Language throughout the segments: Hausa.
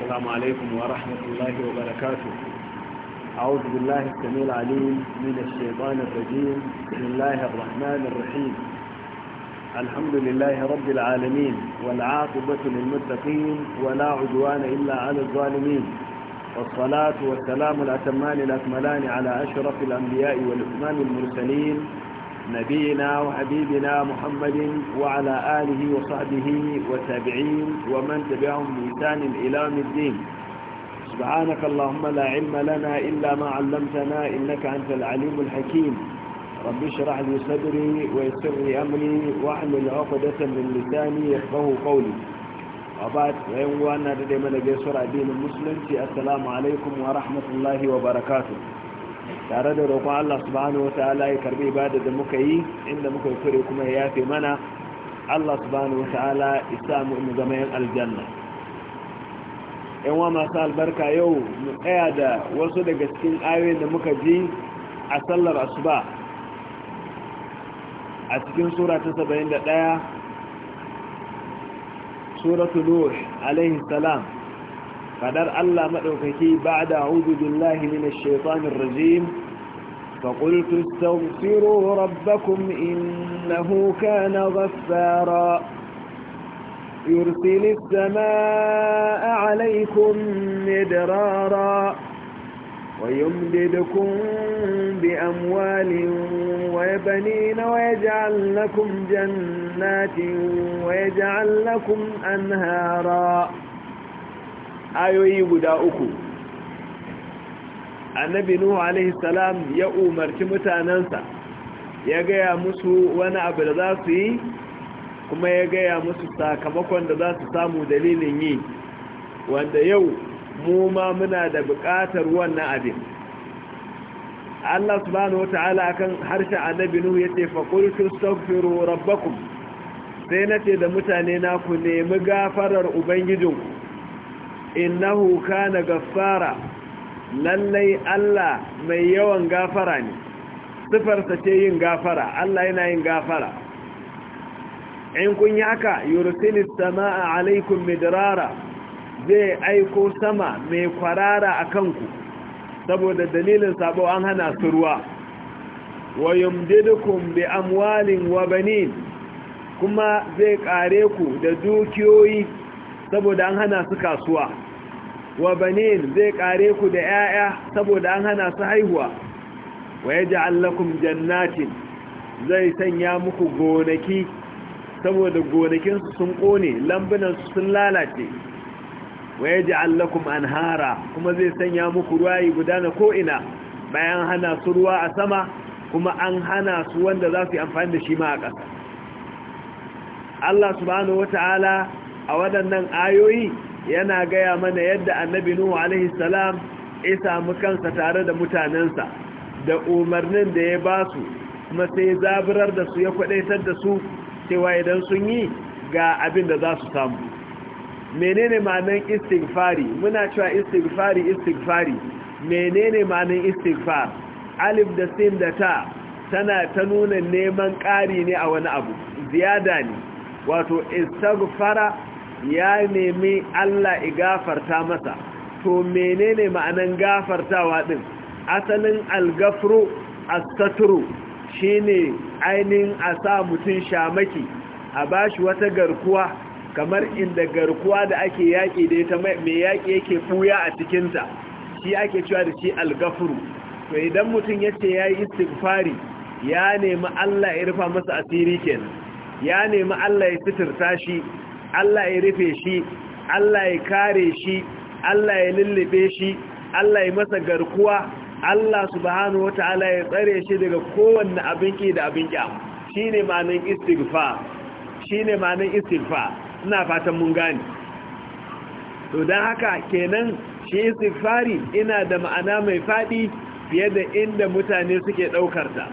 السلام عليكم ورحمة الله وبركاته أعوذ بالله السميع العليم من الشيطان الرجيم بسم الله الرحمن الرحيم الحمد لله رب العالمين والعاقبة للمتقين ولا عدوان إلا على الظالمين والصلاة والسلام الأتمان الأكملان على أشرف الأنبياء والإثمان المرسلين نبينا وحبيبنا محمد وعلى آله وصحبه والتابعين ومن تبعهم بإنسان إلى الدين سبحانك اللهم لا علم لنا إلا ما علمتنا إنك أنت العليم الحكيم رب اشرح لي صدري ويسر لي أمري واحمل عقدة من لساني يفقه قولي وبعد وأنا لدي من جسر الدين المسلم السلام عليكم ورحمة الله وبركاته tare da roƙon Allah subhanahu wata'ala ya karbi ibada da muka yi inda muka yi kure kuma ya yafe mana Allah subhanahu wata'ala isa mu mu zama yan aljanna yan wa masu albarka yau mu tsaya da wasu daga cikin ayoyin da muka ji a sallar asuba a cikin sura ta 71 suratul nuh alaihi salam قدر الله مدوكي بعد أعوذ بالله من الشيطان الرجيم فقلت استغفروا ربكم إنه كان غفارا يرسل السماء عليكم مدرارا ويمددكم بأموال وبنين ويجعل لكم جنات ويجعل لكم أنهاراً ayoyi guda uku annabi nuhu alaihi salam ya umarci mutanensa ya gaya musu wani abu da za su yi kuma ya gaya musu sakamakon da za su samu dalilin yi wanda yau mu ma muna da bukatar wannan abin Allah subhanahu wata'ala kan harshe annabi nuhu yace fa qultu astaghfiru rabbakum sai nace da mutane na ku nemi gafarar ubangijinku innahu kana gaffara lallai Allah mai yawan gafara ne sifarsa ce yin gafara Allah yana yin gafara in kun yi haka yursilis sama'a Alaykum midrara zai aiko sama mai kwarara a kanku saboda dalilin sabo an hana su ruwa wa bi amwalin wa banin kuma zai kare ku da dukiyoyi saboda an hana su kasuwa wa banin zai kare ku da 'ya'ya saboda an hana su haihuwa wa ja'al lakum jannatin zai sanya muku gonaki saboda gonakin su sun kone lambunan su sun lalace wa ja'al lakum anhara kuma zai sanya muku ruwayi gudana ko ina bayan hana su ruwa a sama kuma an hana su wanda za su yi amfani da shi ma a ƙasa Allah subhanahu wata'ala a waɗannan ayoyi yana gaya mana yadda annabi nuhu alaihi salam ya samu kansa tare da mutanansa da umarnin da ya ba su kuma sai zaburar da su ya kwadaitar da su cewa idan sun yi ga abin da za su samu menene ma'anar istighfari muna cewa istighfari istighfari menene ma'anan istighfar alif da sin da ta tana ta nuna neman ƙari ne a wani abu ziyada ne wato istighfara ya nemi Allah gafarta masa to menene ma'anan gafartawa ɗin? asalin algafru shi shine ainihin a sa mutum shamaki a bashi wata garkuwa kamar inda garkuwa da ake yaƙi da ita mai yaƙi yake ɓuya a cikinta shi ake cewa da shi algafru to idan mutum ya ce ya yi istighfari ya nemi Allah ya rufa masa asiri kenan ya nemi Allah ya sitirta shi Allah ya rufe shi Allah ya kare shi Allah ya lullube shi Allah ya masa garkuwa Allah subhanahu wata'ala ya tsare shi daga kowanne abin ki da abin Shi shine ma'anin istighfar shine ma'anin istighfar ina fatan mun gane to dan haka kenan shi istighfari ina da ma'ana mai fadi fiye da inda mutane suke daukar ta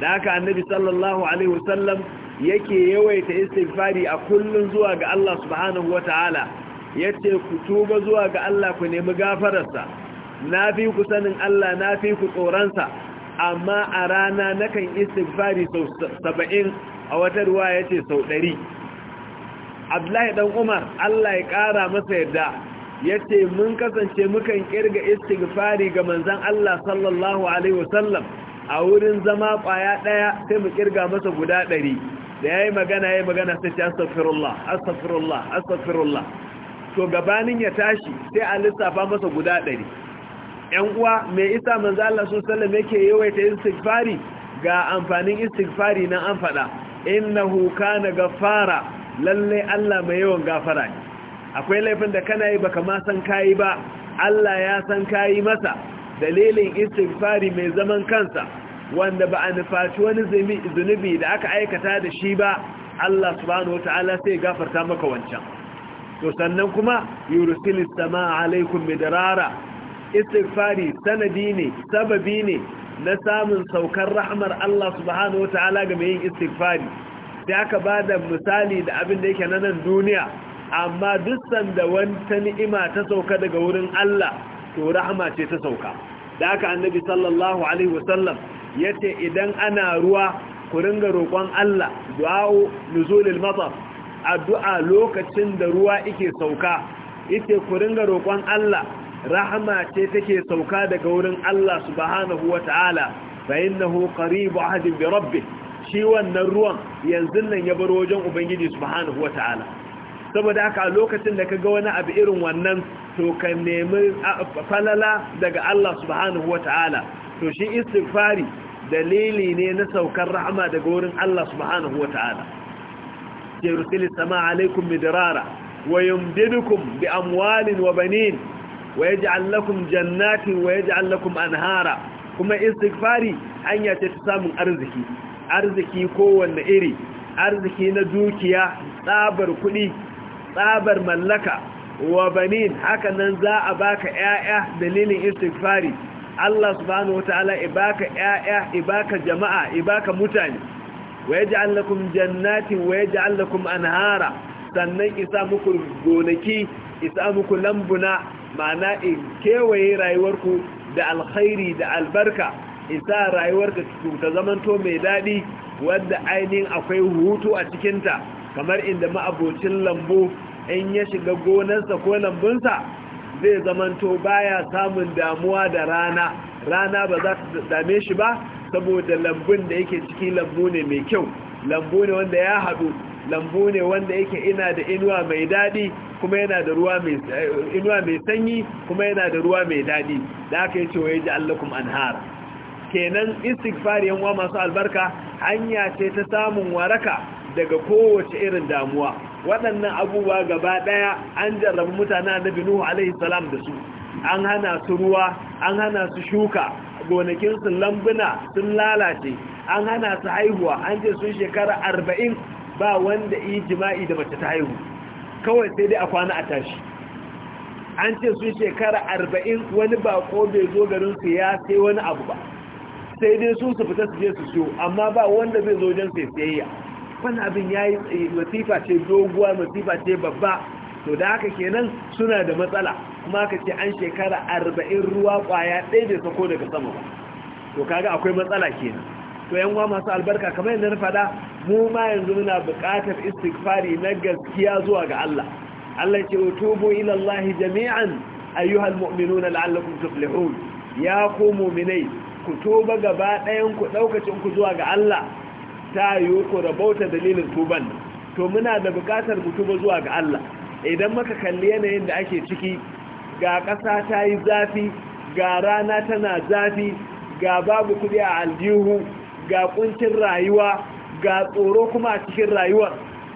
da haka annabi sallallahu alaihi wasallam yake yawaita istighfari a kullun zuwa ga Allah subhanahu wataala yace ku tuba zuwa ga Allah ku nemi gafararsa nafi ku sanin Allah nafi ku tsoransa amma a rana nakan istighfari sau 70 a wata ruwa yace sau 100 Abdullahi dan Umar Allah ya kara masa yadda yace mun kasance mukan kirga istighfari ga manzon Allah sallallahu alaihi wasallam a wurin zama kwaya ɗaya, sai mu kirga masa guda ɗari. da ya yi magana ya yi magana sai ce astagfirullah astagfirullah astagfirullah to gabanin ya tashi sai a lissafa masa guda ɗari ‘yan uwa mai isa manzo Allah sun sallam yake yawaita istighfari ga amfanin istighfari nan an faɗa huka na gafara lallai Allah mai yawan gafara ne akwai laifin da kana yi baka ma san kayi ba Allah ya san kayi masa dalilin istighfari mai zaman kansa wanda ba a nufaci wani zunubi da aka aikata da shi ba Allah subhanahu ta'ala sai gafarta maka wancan to sannan kuma yursilis sama alaikum midrara istighfari sanadi ne sababi ne na samun saukar rahmar Allah subhanahu wata'ala ga mai yin istighfari sai aka bada misali da abin da yake na nan duniya amma duk sanda wata ni'ima ta sauka daga wurin Allah to rahma ce ta sauka da aka annabi sallallahu alaihi wasallam yace idan ana ruwa ku ringa roƙon Allah du'a'u nuzulil matar addu'a lokacin da ruwa yake sauka yace ku ringa roƙon Allah rahama ce take sauka daga wurin Allah subhanahu wata'ala fa innahu qaribu ahadin bi rabbih shi wannan ruwan yanzu nan ya bar wajen ubangiji subhanahu wata'ala saboda haka a lokacin da kaga wani abu irin wannan to ka nemi falala daga Allah subhanahu wata'ala to shi istighfari dalili ne na saukar rahama daga wurin Allah subhanahu wa ta'ala ya rusili sama alaikum midrara wa yumdidukum bi amwalin wa banin wa yaj'al lakum jannatin wa yaj'al lakum anhara kuma istighfari hanya ce ta samun arziki arziki kowanne iri arziki na dukiya tsabar kuɗi tsabar mallaka wa banin haka nan za a baka 'ya'ya dalilin istighfari Allah subhanahu ta'ala ibaka ya'ya ibaka jama'a ibaka mutane waya ja'al lakum jannatin waya ja'al lakum anhara sannan isa muku gonaki isa muku lambuna ma'ana in kewaye rayuwarku da alkhairi da albarka isa rayuwarka ta zamanto mai daɗi wadda ainihin akwai hutu a cikinta kamar inda ma'abocin lambu in ya shiga gonarsa ko lambunsa zai zamanto baya samun damuwa da rana rana ba za ta dame shi ba saboda lambun da yake ciki lambu ne mai kyau lambu ne wanda ya haɗu lambu ne wanda yake ina da inuwa mai daɗi kuma yana da ruwa mai eh, inuwa mai sanyi kuma yana da ruwa mai daɗi da aka yi cewa ya ji allakum anhara kenan istighfar yan uwa masu albarka hanya ce ta samun waraka daga kowace irin damuwa waɗannan abubuwa gaba ɗaya an jarrabu mutane annabi nuhu alaihi da su an hana su ruwa an hana su shuka gonakinsu lambuna sun lalace an hana su haihuwa an ce sun shekara arba'in ba wanda yi jima'i da mace ta haihu kawai sai dai a kwana a tashi an ce sun shekara arba'in wani bako bai zo garinsu ya sai wani abu ba sai dai su su fita su je su siyo amma ba wanda zai zo jan sai sayayya wannan abin ya yi eh, masifa ce doguwa masifa ce babba to da haka kenan suna da matsala kuma ka ce an shekara arba'in ruwa kwaya ɗaya da sako daga sama ba to kaga akwai matsala kenan to yan masu albarka kamar yadda na fada mu ma yanzu muna buƙatar istighfari na gaskiya zuwa ga Allah Allah ce tubu ila Allah jami'an ayyuhal mu'minuna la'allakum tuflihun ya ku mu'minai ku tuba gaba ɗayan ku daukacin ku zuwa ga Allah ta yiwu ko rabauta dalilin tuban to muna da bukatar mu tuba zuwa ga Allah idan muka kalli yanayin da ake ciki ga ƙasa ta yi zafi ga rana tana zafi ga babu kuɗi a aljihu ga kuncin rayuwa ga tsoro kuma a cikin rayuwar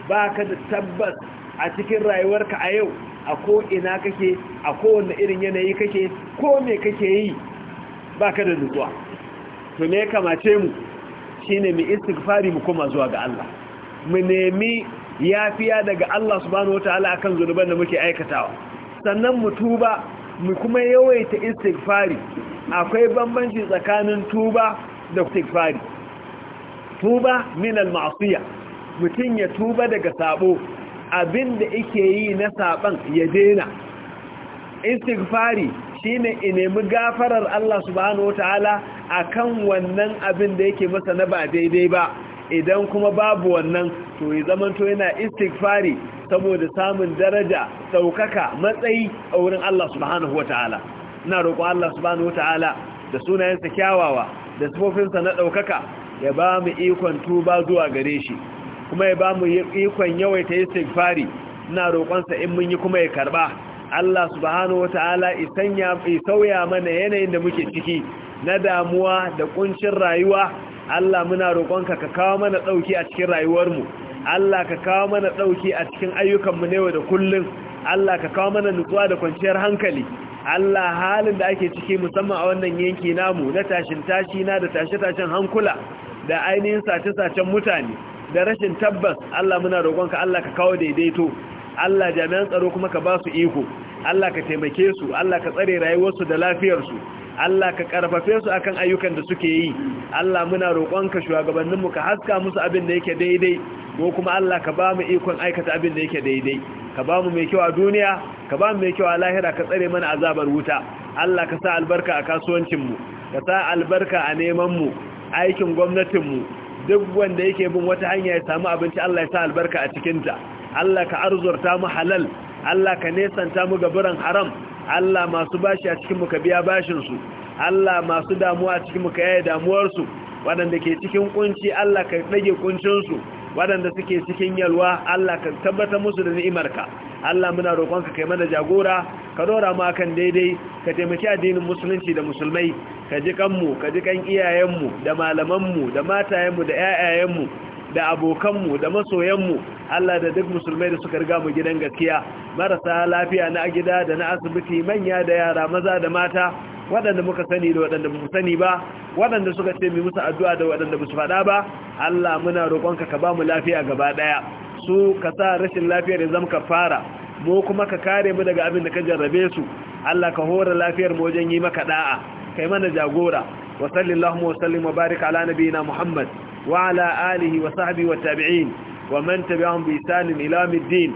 ba ka da tabbas a cikin rayuwarka a yau a ko'ina kake a kowane irin yanayi kake ko me kake yi ba ka da nutsuwa to me kamace mu shine mu istighfari mu koma zuwa ga Allah mu nemi yafiya daga Allah subhanahu wataala akan zunuban da muke aikatawa sannan mu tuba mu kuma yawaita istighfari akwai bambanci tsakanin tuba da istighfari tuba min al mutum mutun ya tuba daga sabo abinda yake yi na saban ya dena istighfari shine nemi gafarar Allah subhanahu wataala a kan wannan abin da yake masa na ba daidai ba idan kuma babu wannan to zaman zamanto yana istighfari saboda samun daraja daukaka matsayi a wurin Allah subhanahu wa ta'ala ina roƙo Allah subhanahu wa ta'ala da sunayensa kyawawa da sifofinsa na daukaka ya ba mu ikon tuba zuwa gare shi kuma ya ba mu ikon yawaita istighfari ina roƙonsa in mun yi kuma ya karɓa Allah subhanahu wa ta'ala ya sauya mana yanayin da muke ciki na damuwa da kuncin rayuwa Allah muna roƙonka ka kawo mana ɗauki a cikin rayuwarmu Allah ka kawo mana ɗauki a cikin ayyukanmu na yau da kullum Allah ka kawo mana nutsuwa da kwanciyar hankali Allah halin da ake ciki musamman a wannan yanki namu na tashin tashi na da tashe-tashen hankula da ainihin sace-sacen mutane da rashin tabbas Allah muna roƙonka Allah ka kawo daidaito Allah jami'an tsaro kuma ka ba su iko Allah ka taimake su Allah ka tsare rayuwarsu da lafiyarsu Allah ka karfafe su akan ayyukan da suke yi Allah muna roƙonka shugabanninmu ka haska musu abin da yake daidai ko kuma Allah ka ba mu ikon aikata abin da yake daidai ka ba mu mai kyau a duniya ka ba mu mai kyau a lahira ka tsare mana azabar wuta Allah ka sa albarka a kasuwancinmu ka sa albarka a nemanmu aikin gwamnatinmu duk wanda yake bin wata hanya ya samu abinci Allah ya sa albarka a cikinta Allah ka arzurta mu halal Allah ka nesanta mu gaburan haram Allah masu bashi a cikin muka biya su. Allah masu damuwa a cikin muka yaya damuwarsu waɗanda ke cikin kunci Allah ka ɗage kuncinsu waɗanda suke cikin yalwa Allah ka tabbata musu da ni'imarka Allah muna roƙonka kai mana jagora ka dora mu akan daidai ka taimaki addinin musulunci da musulmai ka ji kanmu ka ji kan iyayenmu da malamanmu da matayenmu da 'ya'yayenmu da abokanmu da masoyanmu Allah da duk musulmai da suka riga mu gidan gaskiya marasa lafiya na gida da na asibiti manya da yara maza da mata waɗanda muka sani da waɗanda mu sani ba waɗanda suka ce mu musu addu'a da waɗanda ba su faɗa ba Allah muna roƙonka ka ba mu lafiya gaba ɗaya su ka sa rashin lafiyar ya ka fara mu kuma ka kare mu daga abin da ka jarrabe su Allah ka hora lafiyar mu wajen yi maka da'a kai mana jagora wa sallallahu wa sallim wa barik ala nabiyina muhammad وعلى آله وصحبه والتابعين ومن تبعهم بإسان إلى الدين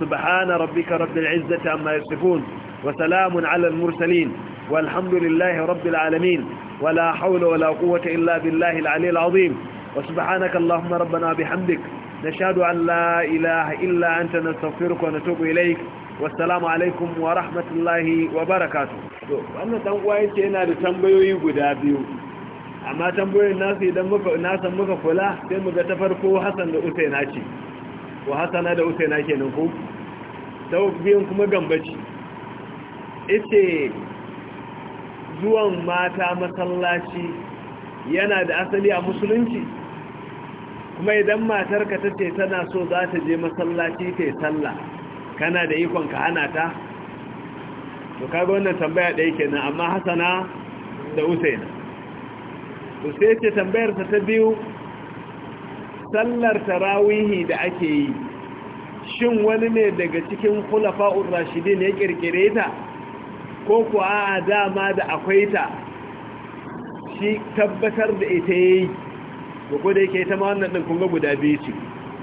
سبحان ربك رب العزة عما يصفون وسلام على المرسلين والحمد لله رب العالمين ولا حول ولا قوة إلا بالله العلي العظيم وسبحانك اللهم ربنا بحمدك نشهد أن لا إله إلا أنت نستغفرك ونتوب إليك والسلام عليكم ورحمة الله وبركاته wannan dan uwa yake yana da tambayoyi guda biyu amma tambayoyin nasu idan nasan muka kula sai mu ga ta farko hassan da usaina ce ko hassana da usaina kenan ko ta biyun kuma gambaci ita zuwan mata masallaci yana da asali a musulunci kuma idan matarka ta ce tana so za ta je masallaci ta yi sallah kana da ikon ka hana ta to kaga wannan tambaya ɗaya kenan amma Hassana da usaina to sai ce tambayarsa ta biyu sallar tarawihi da ake yi shin wani ne daga cikin kulafa'ur rashidin ya kirkire ta ko kuwa a dama da akwai ta shi tabbatar da ita ya ko da yake ita ma wannan din kunga guda biyu ce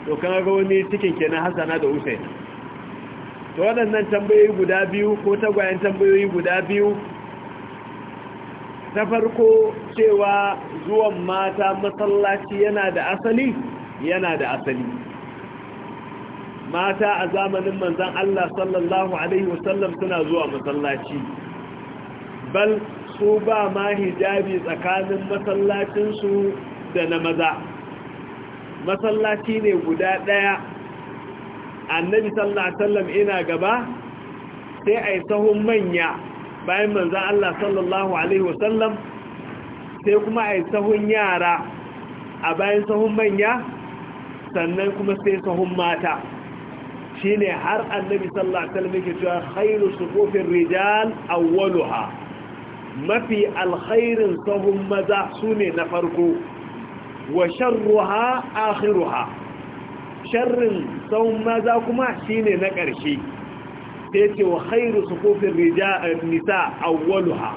to kana ga wani cikin kenan hasana da usaina to waɗannan tambayoyi guda biyu ko tagwayen tambayoyi guda biyu ta farko cewa zuwan mata masallaci yana da asali yana da asali mata a zamanin Manzon Allah sallallahu Alaihi wasallam suna zuwa masallaci bal su ba ma hijabi tsakanin masallacinsu da na maza masallaci ne guda ɗaya annabi sallallahu Alaihi wasallam ina gaba sai a yi sahun manya bayan manzan Allah sallallahu Alaihi wasallam sai kuma a yi sahun yara a bayan sahun manya sannan kuma sai sahun mata shi ne har annabi sallallahu Alaihi wasallam ke cewa su kofin rijal awwaluha mafi alkhairin sahun maza su ne na farko wa sharruha akhiruha sharrin sahun maza kuma shine na ƙarshe sai yace wa khairu rijal eh, nisa awwaluha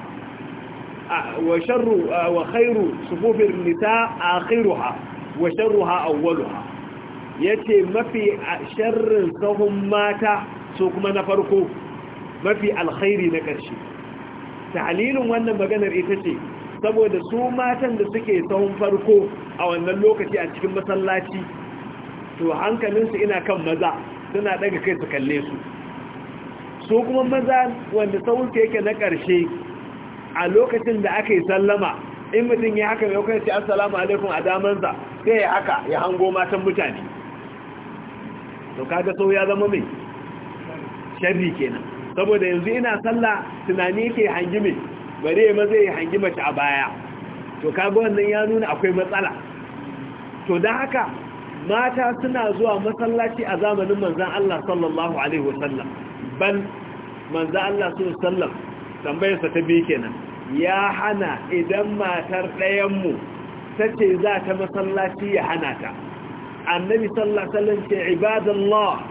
wa sharru eh, wa khairu sufufir nisa akhiruha wa sharruha awwaluha yace mafi sharrin sahun mata so kuma na farko mafi alkhairi na ƙarshe tahlilin wannan maganar ita ce saboda su matan da suke sahun farko a wannan lokaci a cikin masallaci to hankalinsu ina kan maza suna daga kai su kalle su So kuma maza wanda saurinka yake na ƙarshe a lokacin da aka yi sallama in mutum ya haka mai kwanci assalamu alaikum a damansa sai ya haka ya hango matan mutane to kaga sau ya zama mai sharri kenan saboda yanzu ina salla tunani ke hangi mai bare ya maza ya hangi mace a baya to kaga wannan ya nuna akwai matsala to don haka mata suna zuwa masallaci a zamanin manzan Allah sallallahu alaihi wasallam bal manzo Allah sallallahu sallam tambayarsa ta biyu kenan ya hana idan matar ɗayanmu ta tace za ta masallaci ya hana ta annabi sallallahu alaihi ce ibadallah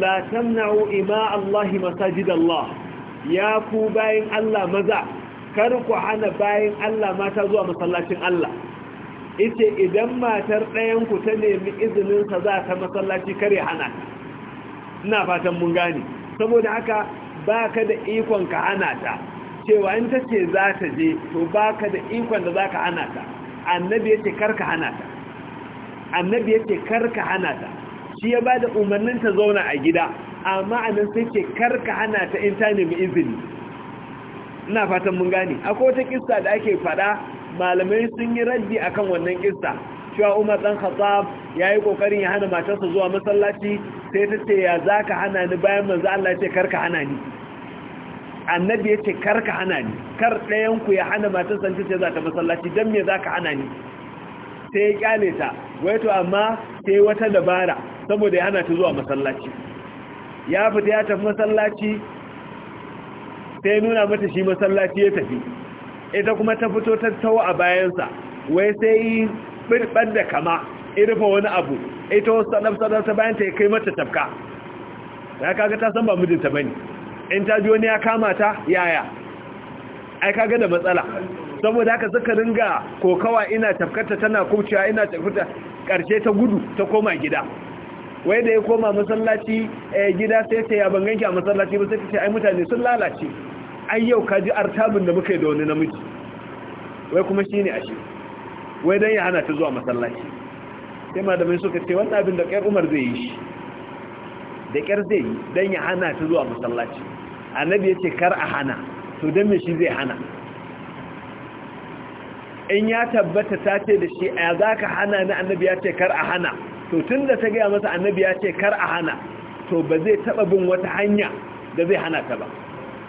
la tamna'u ima Allah masajidallah ya ku bayin Allah maza kar ku hana bayin Allah mata zuwa masallacin Allah ita idan matar ɗayanku ta nemi izininsa za ta masallaci kare hana ina fatan mun gane saboda haka ba ka da ikon ka hana ta cewa in ta za ta je to ba ka da ikon da za ka hana ta annabi ya ce karka hana ta annabi ya ce karka hana ta shi ya bada umarninta umarnin ta zauna a gida amma anan sai ce karka hana ta in ta nemi izini ina fatan mun gane akwai wata kissa da ake fada malamai sun yi raddi akan wannan kissa cewa Umar dan ya yi kokarin ya hana matarsa zuwa masallaci sai ta ce ya zaka hana ni bayan manzo Allah ya ce karka hana ni annabi ya ce karka hana ni kar ɗayan ku ya hana matarsa ta ce za ta masallaci dan me zaka hana ni sai ya kyale ta wai to amma sai wata dabara saboda ya hana ta zuwa masallaci ya fita ya tafi masallaci sai nuna mata shi masallaci ya tafi ita kuma ta fito tattawa a bayansa wai sai firɓar da kama irfa wani abu ita wasu sadar-sadarsa bayan ta ya kai mata tafka ya kaga ta san ba mijinta ba ne in ta ji wani ya kama ta yaya ai kaga da matsala saboda haka suka ringa kokawa ina tafkarta tana kuciya ina tafkata karshe ta gudu ta koma gida wai da ya koma masallaci eh, gida sai ta yaban ganki a masallaci ba sai ta ce ai mutane sun lalace ai yau ka ji artabin da muka yi da wani namiji wai kuma shi ne ashe wai dan ya hana ta zuwa masallaci sai malamai suka ce wanda abin da ƙyar umar zai yi shi da ƙyar zai yi don ya hana ta zuwa masallaci annabi ya ce kar a hana to don me shi zai hana in ya tabbata ta ce da shi a za ka hana ni annabi ya ce kar a hana to tun da ta gaya masa annabi ya ce kar a hana to ba zai taɓa bin wata hanya da zai hana ta ba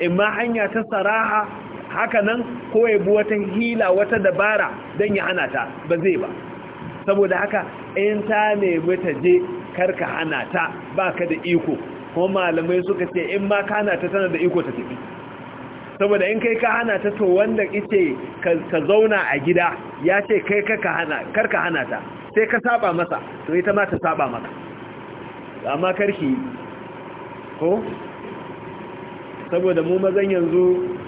in ma hanya ta saraha Haka ko ya bi wata hila wata dabara don ya hana ta ba zai ba saboda haka in ta nemi ta je karka hana ta ba ka da iko kuma malamai suka ce in ma ka hana ta tana da iko ta tafi saboda in kai ka hana ta to wanda ice ka zauna a gida ya ce kai karka hana ta sai ka saba masa to ita ma ta saba maka amma karki ko saboda mu mazan yanzu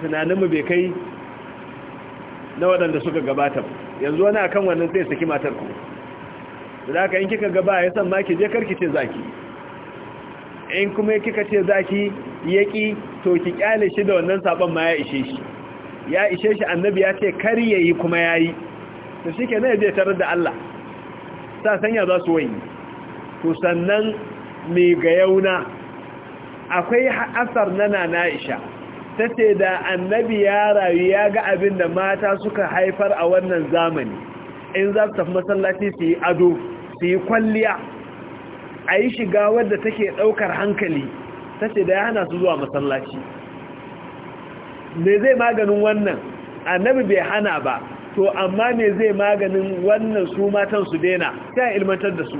tunaninmu bai kai na waɗanda suka gabata yanzu wani akan wannan zai saki matar ku da haka in kika gaba ya san maki je karki ce zaki in kuma kika ce zaki yaki to ki kyale shi da wannan saban ma ya ishe shi ya ishe shi annabi ya ce kar yayi kuma yayi to shikenan ya je tarar da Allah sa sanya za su wayi to sannan mai ga yauna akwai asar na na Aisha ta ce da annabi ya rayu ya ga abin da mata suka haifar a wannan zamani in za su tafi masallaci su yi ado su yi kwalliya a yi shiga wadda take ɗaukar hankali ta ce da ya hana su zuwa masallaci me zai maganin wannan annabi bai hana ba to amma me zai maganin wannan su matan su daina sai ilmantar da su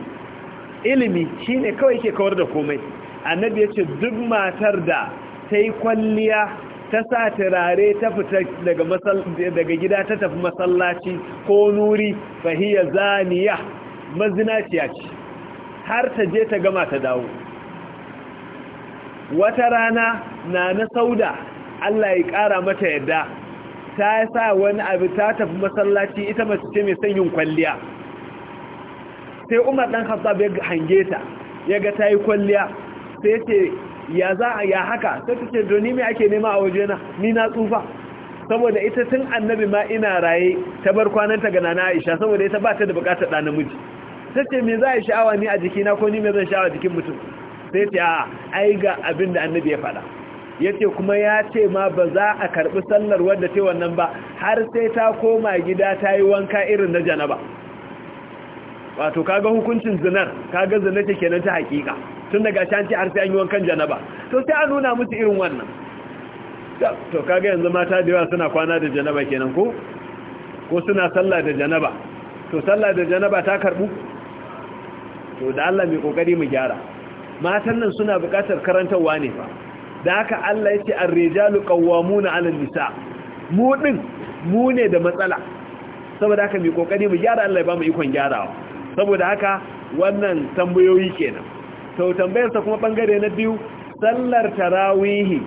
ilimi shine kawai ke kawar da komai annabi ya ce duk matar da ta yi kwalliya ta sa turare ta fita daga gida ta tafi masallaci ko nuri fahiyar zaniya mazinaciya ce har ta je ta gama ta dawo wata rana na na sauda Allah ya ƙara mata yadda ta sa wani abu ta tafi masallaci ita mace ce mai son kwalliya sai umar ɗan hafsa ya hange ta ya ga ta yi kwalliya sai ce ya za a ya haka ta ce doni mai ake nema a wajena ni na tsufa saboda ita tun annabi ma ina raye ta bar kwananta ga nana aisha saboda ita ba ta da bukatar da namiji ta ce me za a yi sha'awa ni a jikina ko ni me zan sha'awa jikin mutum sai ce a ai ga abin da annabi ya faɗa ya ce kuma ya ce ma ba za a karɓi sallar wadda ce wannan ba har sai ta koma gida ta yi wanka irin na janaba wato kaga hukuncin zinar kaga zinar ta kenan ta haƙiƙa tun daga can ce har sai an yi wankan janaba to sai an nuna musu irin wannan to kaga yanzu mata da yawa suna kwana da janaba kenan ko ko suna sallah da janaba to sallah da janaba ta karbu to da Allah mai kokari mu gyara matan nan suna buƙatar karantarwa ne fa da haka Allah yake ar-rijalu qawwamuna 'ala nisa mu din mu ne da matsala saboda haka mai kokari mu gyara Allah ya ba mu ikon gyarawa saboda haka wannan tambayoyi kenan to tambayarsa kuma bangare na biyu sallar tarawihi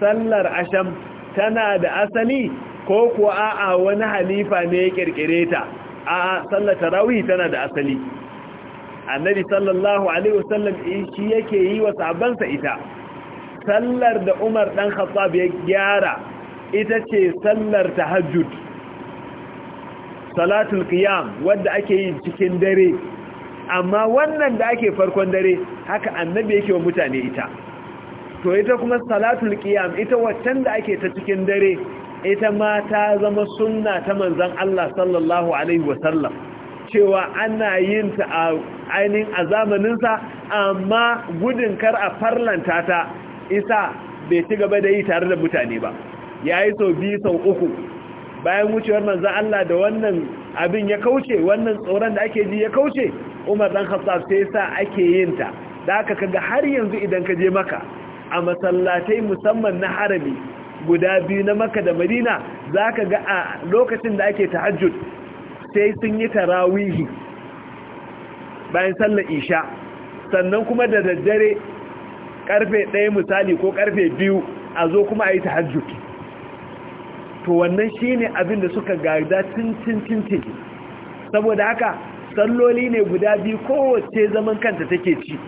sallar asham tana da asali ko kuwa a'a wani halifa ne ya kirkire ta a'a sallar tarawihi tana da asali annabi sallallahu alaihi wasallam shi yake yi wa sabansa ita sallar da Umar dan Khattab ya gyara ita ce sallar tahajjud salatul qiyam wanda ake yi cikin dare amma wannan da ake farkon dare haka annabi yake wa mutane ita to ita kuma salatul qiyam ita waccan da ake ta cikin dare ita ma ta zama sunna ta manzon Allah sallallahu alaihi wasallam cewa ana yin ta a ainin a zamanin sa amma gudun kar a farlanta ta isa bai ci gaba da yi tare da mutane ba yayi sau biyu sau uku bayan wucewar manzon Allah da wannan abin ya kauce wannan tsoron da ake ji ya kauce umar dan khattab sai sa ake yin ta da ka kaga har yanzu idan ka je maka a masallatai musamman na harami guda biyu na maka da madina za ka ga a lokacin da ake tahajjud sai sun yi tarawihi bayan sallar isha sannan kuma da daddare karfe ɗaya misali ko karfe biyu a zo kuma a yi tahajjud to wannan shi ne abin da suka gada cin cin cin saboda haka salloli ne guda biyu kowace zaman kanta take ci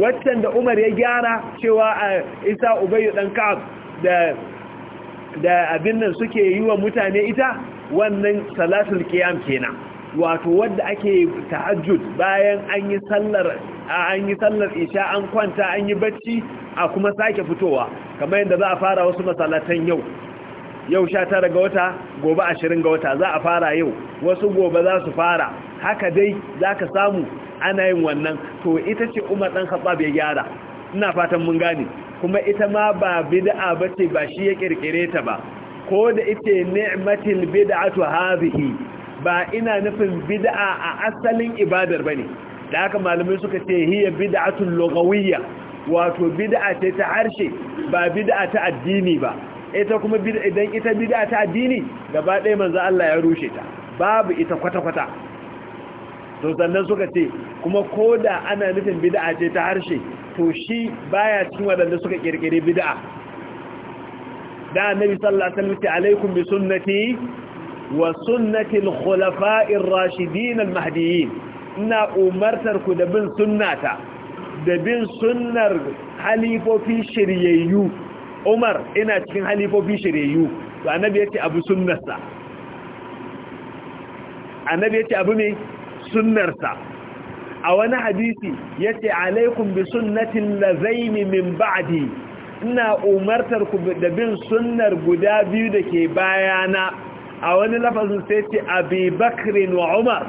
waccanda da umar ya gyara cewa a isa ubayu dan ka'ab da da abin nan suke yi wa mutane ita wannan salatul qiyam kenan wato wadda ake tahajjud bayan an yi sallar an yi sallar isha an kwanta an yi bacci a kuma sake fitowa kamar yadda za a fara wasu masallatan yau yau sha tara ga wata gobe ashirin ga wata za a fara yau wasu gobe za su fara haka dai za ka samu ana yin wannan to ita ce umar ɗan haɓa bai gyara ina fatan mun gane kuma ita ma ba bid'a ba ce ba shi ya ƙirƙire ta ba ko da ita ni'matil bid'atu hazihi ba ina nufin bid'a a asalin ibadar ba ne da haka malamai suka ce hiya bida'atun logawiyya wato bid'a ce ta harshe ba bid'a ta addini ba ita kuma idan ita bid'a ta addini gaba ɗaya manzo Allah ya rushe ta babu ita kwata-kwata to sannan suka ce kuma ko da ana nufin bid'a ce ta harshe to shi baya cikin wadanda suka kirkire bid'a da annabi sallallahu alaihi wasallam alaikum bi sunnati wa sunnati al-khulafa'i ar-rashidin al-mahdiyyin ina umartar ku da bin sunnata da bin sunnar halifofi shiryayyu umar ina cikin halifofi shirayu to annabi ya ce abu sunnarsa annabi ya ce abu mai sunnarsa a wani hadisi ya ce alaikum bi sunnatin lazaini min ba'di ina umartar ku da bin sunnar guda biyu da ke bayana a wani lafazin sai ce wa umar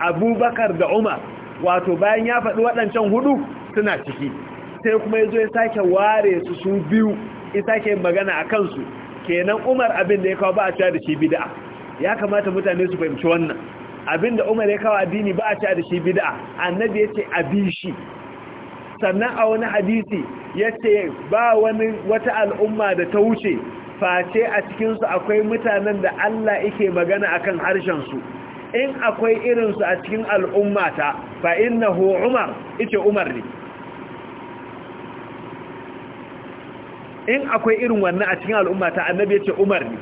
abubakar da umar wato bayan ya faɗi waɗancan hudu suna ciki sai kuma ya zo ya sake ware su su biyu isa ke magana a kansu kenan umar abin da ya kawo ba a cewa da shi bid'a ya kamata mutane su fahimci wannan abin da umar ya kawo addini ba a cewa da shi bid'a annabi ya ce abi shi sannan a wani hadisi ya ce ba wani wata al'umma da ta wuce face a cikinsu akwai mutanen da Allah yake magana akan su. in akwai irinsu a cikin al'ummata fa innahu umar ita umar ne in akwai irin wannan a cikin al'ummata annabi ya ce umar ne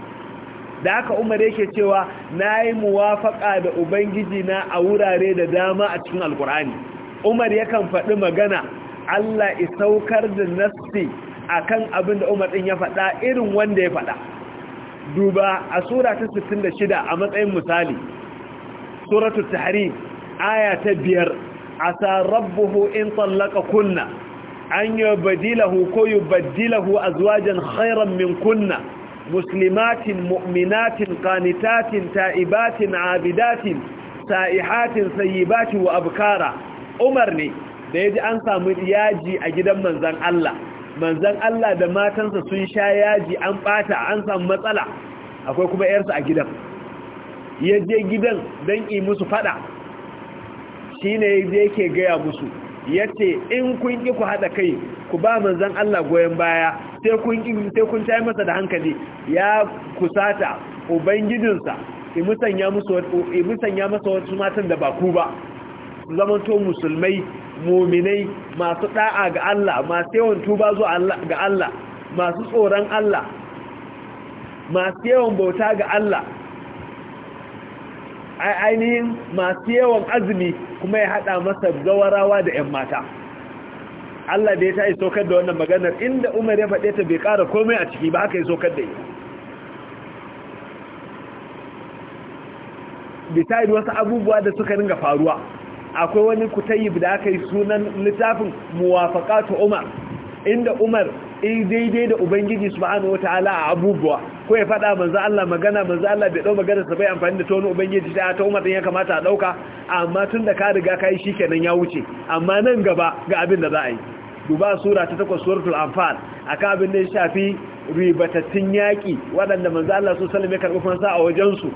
da haka umar yake cewa na yi muwafaƙa da ubangiji na a wurare da dama a cikin alkur'ani umar yakan faɗi magana allah isaukar da nassi a kan abin da umar ɗin ya faɗa irin wanda ya faɗa duba a sura ta 66 a matsayin misali suratul tahrim aya ta biyar asa rabbuhu in tsallaka kunna an yi badilahu ko a zuwajen khairan min kunna muslimatin mu'minatin kanitatin ta'ibatin abidatin sa'ihatin Sayyibatin wa abkara umar ne da yaji an samu yaji a gidan manzan Allah Manzan Allah da matansa sun sha yaji an bata an samu matsala akwai kuma yarsa a gidan yaje gidan don yi musu fada shine yaje yake gaya musu ya ce in kun ƙi ku haɗa kai ku ba manzan Allah goyon baya sai kun tayi masa da hankali ya kusata ubangijinsa ya masa wasu matan da ba ku ba zamanto musulmai muminai masu ɗa'a ga Allah masu yawan tuba zuwa ga Allah masu tsoron Allah masu yawan bauta ga Allah ainihin masu yawan azumi kuma ya haɗa masa gawarawa da 'yan mata Allah da ya ta yi saukar da wannan maganar inda umar ya faɗe ta bai ƙara komai a ciki ba haka yi saukar da yi bisari wasu abubuwa da suka ringa faruwa akwai wani kutayib da aka yi sunan littafin muwafaqatu umar inda umar daidai da ubangiji su wata ala a abubuwa ko ya faɗa manza Allah magana banzu Allah bai dau magana sa bai amfani da tono ubangiji ta ta umar din ya kamata a dauka amma da ka riga kai shikenan ya wuce amma nan gaba ga abin da za a yi duba sura ta 8 suratul anfal aka abin da ya shafi ribatattun yaki waɗanda manzo Allah su sallame karɓi fansa a wajen su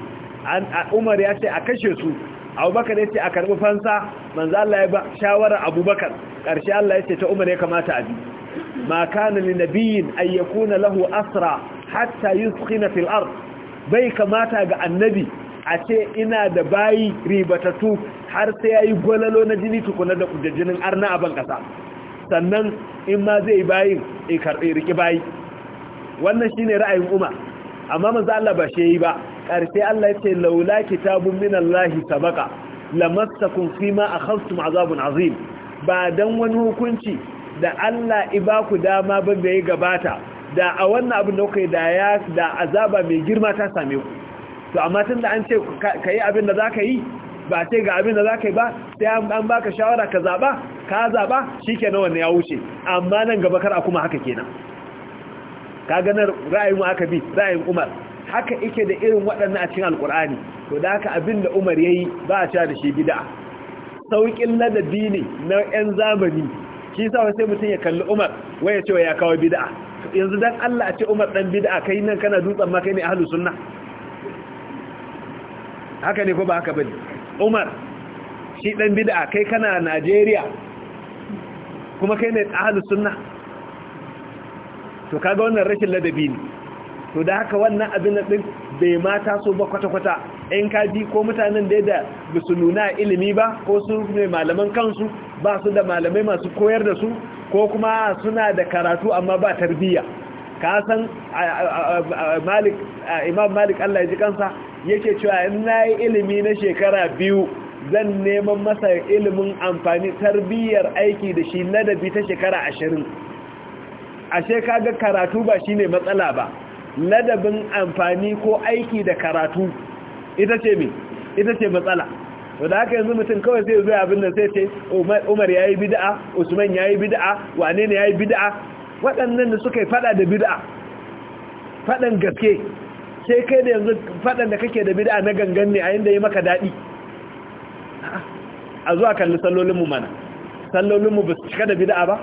Umar ya ce a kashe su abubakar ya ce a karbi fansa manzo Allah ya ba shawarar abubakar ƙarshe Allah ya ce ta umar ya kamata a bi ma kana li nabiyyin ay yakuna lahu asra hatta yuskhina fil ard bai kamata ga annabi a ce ina da bayi ribatatu har sai yayi gwalalo na jini tukuna da kujajjinin arna a kasa sannan in ma zai bayin e karbi riki bayi wannan shine ra'ayin umar amma manzo Allah ba shi yi ba karshe Allah yace laula kitabun minallahi sabaka lamastakum fima akhadhtum azabun azim ba dan wani hukunci da Allah iba ku dama ban da ya gabata da a wannan abin da kuka yi da ya da azaba mai girma ta same ku to amma tun da an ce ka yi abin da za ka yi ba ce ga abin da za ka yi ba sai an baka shawara ka zaba ka zaba shi ke nawa ne ya wuce amma nan gaba kar a kuma haka kenan ka ganar ra'ayin aka bi ra'ayin umar haka ike da irin waɗannan a cikin alkur'ani to da haka abin da umar ya yi ba a cewa da shi bida sauƙin ladabi ne na 'yan zamani shi sa sai mutum ya kalli Umar wai ya ce wa ya kawo bida'a yanzu don Allah a ce Umar dan bid'a kai nan kana dutsen maka ne ne ahlus sunna haka ne ko ba haka bane Umar shi dan bida'a kai kana Najeriya kuma kai ne ahlus sunna to kaga wannan rashin ladabi ne to da haka wannan abin da ɗin bai mata so ba kwata-kwata in ka ji ko mutanen da da ba su nuna ilimi ba ko su ne malaman kansu ba su da malamai masu koyar da su ko kuma suna da karatu amma ba tarbiyya ka san malik imam malik Allah ya ji kansa yake cewa in nayi ilimi na shekara biyu zan neman masa ilimin amfani tarbiyyar aiki da shi ladabi ta shekara ashirin ashe kaga karatu ba shine matsala ba ladabin amfani ko aiki da karatu ita ce me ita ce matsala wadda haka yanzu mutum kawai sai zuwa abin da sai ce umar ya yi bida'a usman ya yi bida'a wane ne ya yi bida'a waɗannan da suka yi fada da bida'a fadan gaske sai kai da yanzu fadan da kake da bida'a na gangan ne a yin da ya maka daɗi a zuwa kalli sallolinmu mana sallolinmu ba su cika da bida'a ba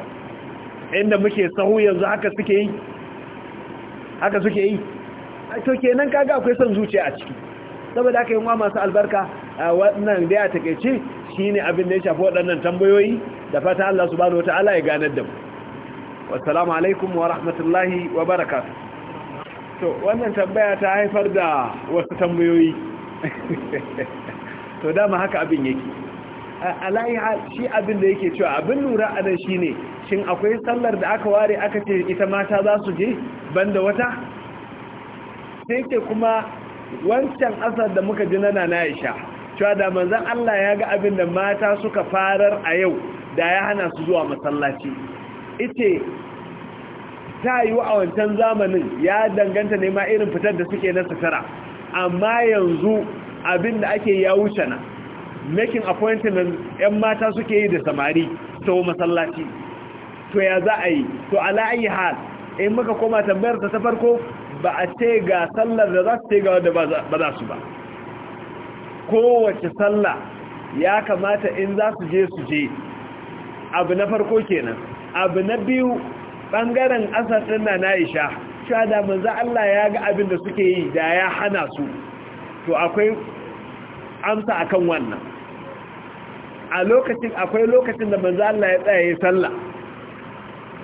inda muke sahu yanzu haka suke yi haka suke yi to kenan kaga akwai son zuciya a ciki saboda haka yi wa masu albarka wannan da ya takeice shine abin da ya shafi waɗannan tambayoyi da fata Allah subhanahu wataala ya ganar da mu wassalamu alaikum wa rahmatullahi wa barakatuh to wannan tambaya ta haifar da wasu tambayoyi to dama haka abin yake alaiha shi abin da yake cewa abin lura a nan shine shin akwai sallar da aka ware aka ce ita mata za su je da wata sai ke kuma wancan asar da muka ji nana na isha cewa da manzan Allah ya ga abin da mata suka farar a yau da ya hana su zuwa masallaci Ice ta yi a wancan zamanin ya danganta nema irin fitar da suke na sutura amma yanzu abin da ake ya wuce na making appointment 'yan mata suke yi da samari to masallaci to ya za a yi to ala'ayi hal in muka koma tambayar ta farko ba a ce ga sallar da za su ce ga wanda ba za su ba kowace salla ya kamata in za su je su je abu na farko kenan abu na biyu ɓangaren asar na na isha sha da manza Allah ya ga abin da suke yi da ya hana su to akwai amsa akan wannan a lokacin akwai lokacin da manza Allah ya tsaye sallah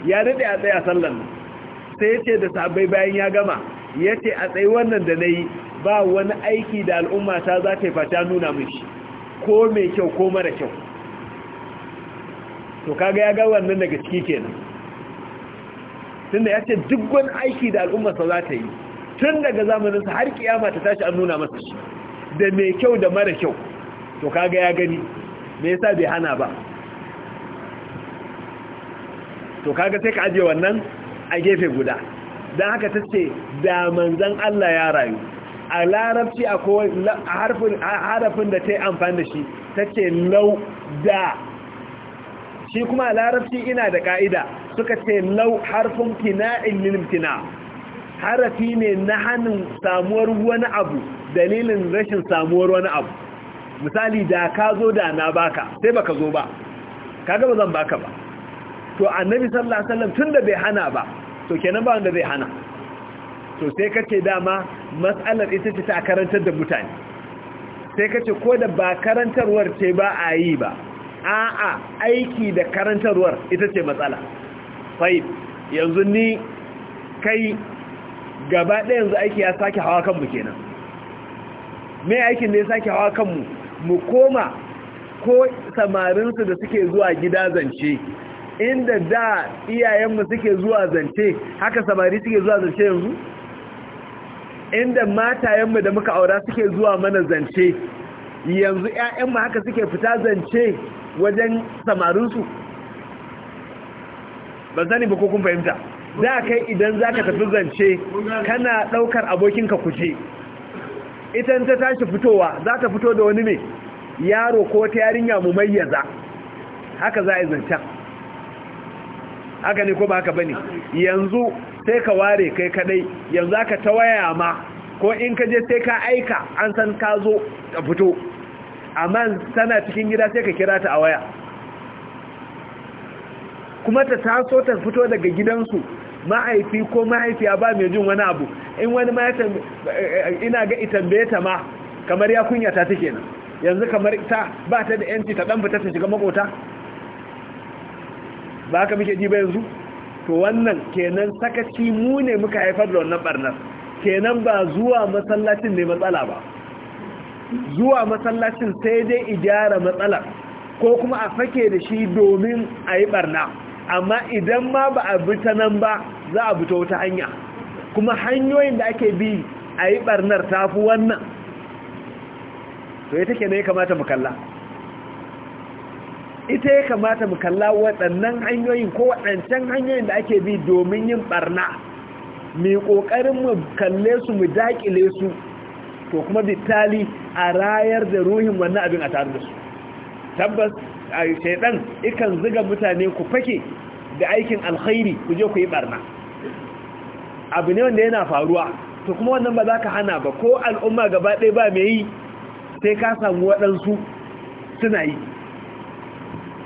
ya daɗe a tsaye sallar nan sai yace da sabai bayan ya gama yace a tsayi wannan da nayi ba wani aiki da al'umma ta za ta yi fata nuna mishi ko mai kyau ko mara kyau to kaga ya ga wannan daga ciki kenan tunda yace duk wani aiki da al'umma ta za ta yi tun daga zamanin sa har kiyama ta tashi an nuna masa shi da mai kyau da mara kyau to kaga ya gani me yasa bai hana ba to kaga sai ka ajiye wannan a gefe guda don haka ta ce da manzan Allah ya rayu a larabci a harafin da ta yi amfani da shi ta ce lau da shi kuma a larabci ina da ka'ida suka ce lau harfin kina'in lilimtina harafi ne na hannun samuwar wani abu dalilin rashin samuwar wani abu misali da ka zo da na baka sai baka zo ba Ka gaba zan baka ba to annabi sallallahu alaihi wasallam tunda bai hana ba to kenan ba wanda zai hana to sai kace dama matsalar ita ce ta karantar da mutane sai kace ko da ba karantarwar ce ba a yi ba a'a aiki da karantarwar ita ce matsala fai yanzu ni kai gaba ɗaya yanzu aiki ya sake hawa kanmu kenan me aikin da ya sake hawa kanmu mu koma ko samarinsu da suke zuwa gida zance inda da iyayenmu suke zuwa zance haka samari suke zuwa zance yanzu inda matayenmu da muka aura suke zuwa mana zance yanzu 'ya'yanmu haka suke fita zance wajen samarinsu ba zani ba ko kun fahimta za kai idan za ka tafi zance kana ɗaukar abokinka kuje ita ta tashi fitowa za ta fito da wani ne yaro ko ta yarinya mu mayyaza haka za a yi zancen haka ne ko ba haka bane yanzu sai ka ware kai kadai yanzu aka ta waya ma ko in ka je sai ka aika an san ka zo ka fito amma tana cikin gida sai ka kira ta a waya kuma ta taso ta fito daga gidansu ma'aifi ko ma'aifiya ba mai jin wani abu in wani ma eh, ina ga itambe ma kamar ya kunyata take nan yanzu kamar ta ba ta da yanci ta dan fita ta shiga makota ba ka muke ji ba yanzu to wannan kenan sakaci mu ne muka haifar da wannan barnar kenan ba zuwa masallacin ne matsala ba zuwa masallacin sai dai ijara matsala ko kuma a fake da shi domin a yi barna amma idan ma ba a bita nan ba za a ta wata hanya kuma hanyoyin da ake bi a yi barnar tafi wannan to yi take ne ya kamata mu kalla ita ya kamata mu kalla waɗannan hanyoyin ko waɗancan hanyoyin da ake bi domin yin barna mai ƙoƙarin mu kalle su mu daƙile su to kuma bitali a rayar da ruhin wannan abin a tare da su tabbas a shaidan ikan ziga mutane ku fake da aikin alkhairi ku je ku yi barna abu ne wanda yana faruwa to kuma wannan ba za ka hana ba ko al'umma gaba ɗaya ba mai yi sai ka samu waɗansu suna yi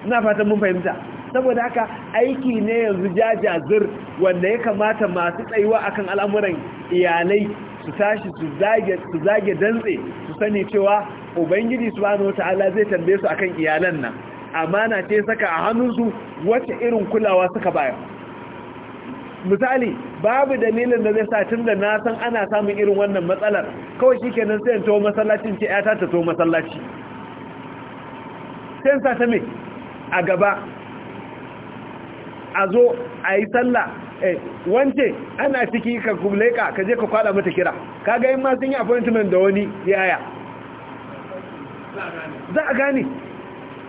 ina fatan mun fahimta saboda haka aiki ne yanzu jajazir wanda ya kamata masu tsayuwa akan al'amuran iyalai su tashi su zage dantse su sani cewa ubangiji subhanahu wataala zai tambaye su akan iyalan nan amana ce saka a hannunsu wacce irin kulawa suka baya misali babu dalilin da zai sa tun da na san ana samun irin wannan matsalar kawai shi kenan sai masallaci masallacin ce 'yata ta to masallaci sai sa ta me a gaba a zo a yi sallah eh, wance ana ciki ka kumle ka je ka kwada mata kira kaga yin masu yi appointment da wani yaya za a gane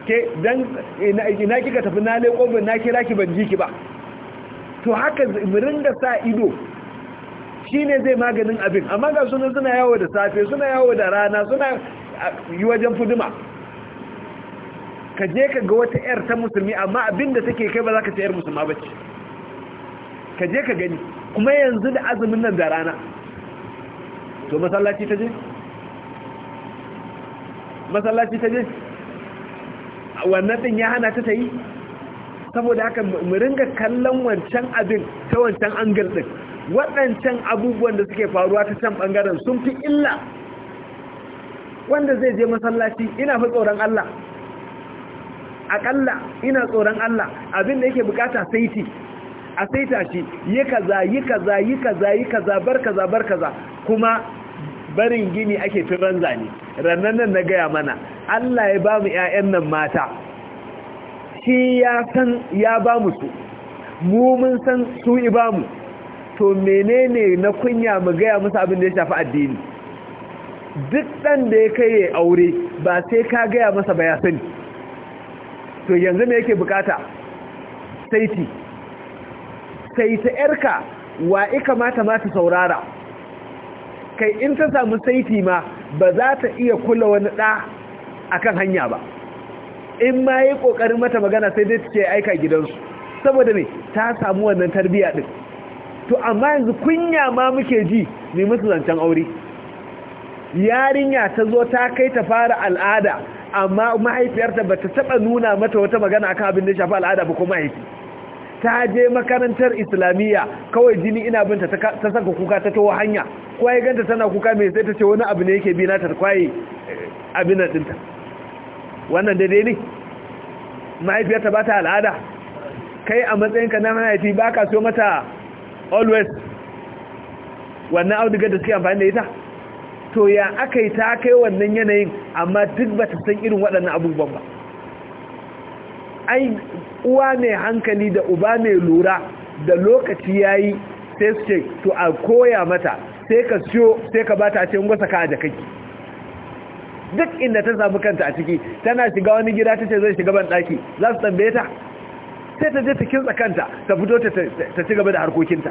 ke don ina kika tafi na leko na kira ki ban ji ki ba to haka zimirin da sa ido shi ne zai maganin abin amma ga sunan suna yawo da safe suna yawo da rana suna yi wajen fuduma ka je ka ga wata yar ta musulmi amma abinda take kai ba za ka ta yar musulma ba ce ka je ka gani kuma yanzu da azumin nan da rana to masallaci ta je masallaci ta je wannan din ya hana ta ta yi saboda haka mu kallon wancan abin ta wancan angal ɗin, waɗancan abubuwan da suke faruwa ta can ɓangaren sun fi illa wanda zai je masallaci ina fi tsoron Allah akalla ina tsoron Allah abin da yake bukata saiti a saita shi yi kaza yi kaza yi kaza yi kaza bar kaza bar kaza kuma barin gini ake fi ranza ne rannan nan na gaya mana Allah ya ba mu 'ya'yan nan mata shi ya san ya ba mu su mu mun san su i ba mu to menene na kunya mu gaya musu abin da ya shafi addini duk ɗan da ya kai ya aure ba sai ka gaya masa ba ya sani to yanzu me yake bukata saiti ta yarka wa ika mata ma saurara kai in ta samu saiti ma ba za ta iya kula wani ɗa akan hanya ba in ma yi ƙoƙarin mata magana sai dai ce aika gidansu saboda ne ta samu wannan tarbiyya ɗin to amma yanzu kunya ma muke ji mai musu zancen aure yarinya ta zo ta kai ta fara al'ada amma mahaifiyarta ba ta taɓa nuna mata wata magana aka abin da ya shafi al'ada ba ko mahaifi ta je makarantar islamiyya kawai jini ina binta ta saka kuka ta towa hanya kwaye ganta tana kuka mai sai ta ce wani abu ne yake bi na ta kwaye eh, abin nan ɗinta wannan daidai ne mahaifiyarta ba ta al'ada kai a matsayinka na mahaifi ba ka so mata always wannan audigar da suke amfani da ita to ya aka yi ta kai wannan yanayin amma duk ba ta san irin waɗannan abubuwan ba ai uwa mai hankali da uba mai lura da lokaci ya yi sai su ce to a koya mata sai ka siyo sai ka ba ta a cikin ka da kake duk inda ta samu kanta a ciki tana shiga wani gida ta ce zai shiga ban ɗaki za su tambaye ta sai ta je ta kintsa kanta ta fito ta ci gaba da harkokinta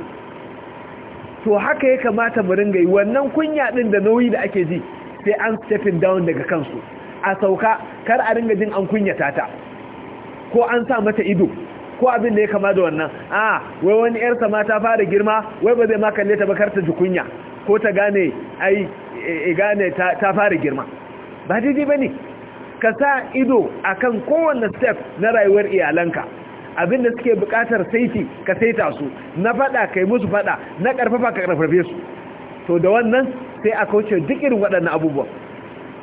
to haka ya kamata mu ringa yi wannan kunya din da nauyi da ake ji sai an stepping down daga kansu a sauka kar a ringa jin an kunyata ta ko an sa mata ido ko abin da ya kama da wannan a wai wani yarsa ma ta fara girma wai ba zai ma kalle ta ba kar ta ji kunya ko ta gane ai e, e, gane ta fara girma ba dai dai bane ka sa ido akan kowanne step na rayuwar iyalanka Abin da suke bukatar saiti ka saita su na fada kai musu fada na karfafa ka karfafe su to da wannan sai aka kauce duk irin waɗannan abubuwan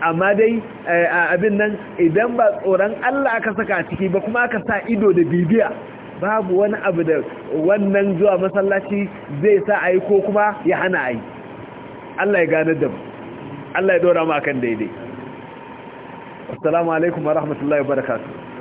amma dai eh, abin nan idan ba tsoron Allah aka saka a ciki ba kuma aka sa ido da bibiya babu wani abu da wannan zuwa masallaci zai sa a yi ko kuma ya hana a yi Allah ya gane da mu Allah ya dora mu kan daidai assalamu alaikum wa rahmatullahi wa barakatuh